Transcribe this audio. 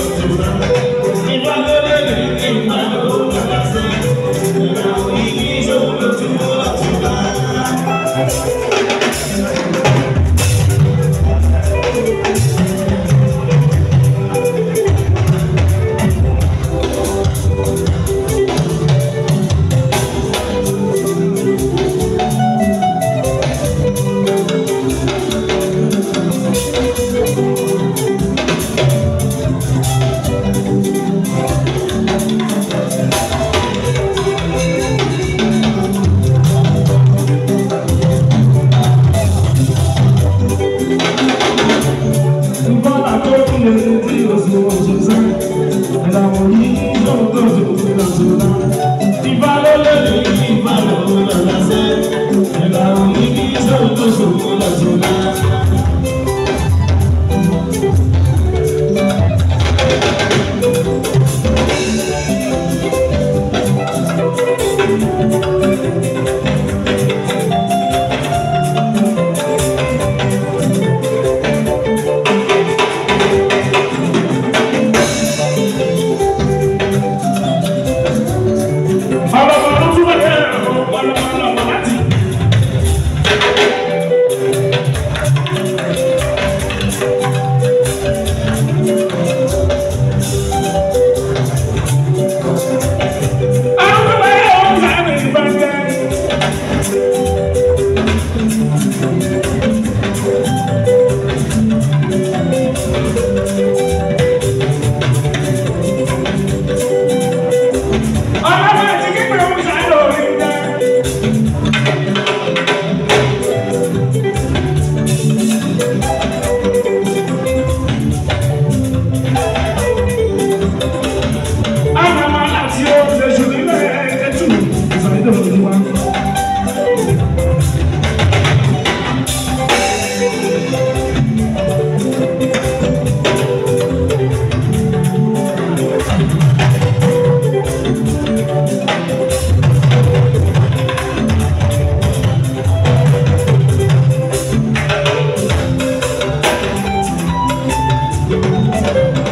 Thank you. àtàwọn yìí lọ́dọ̀dọ̀ ìlànà ìbálòlẹ́lẹ́. Thank you.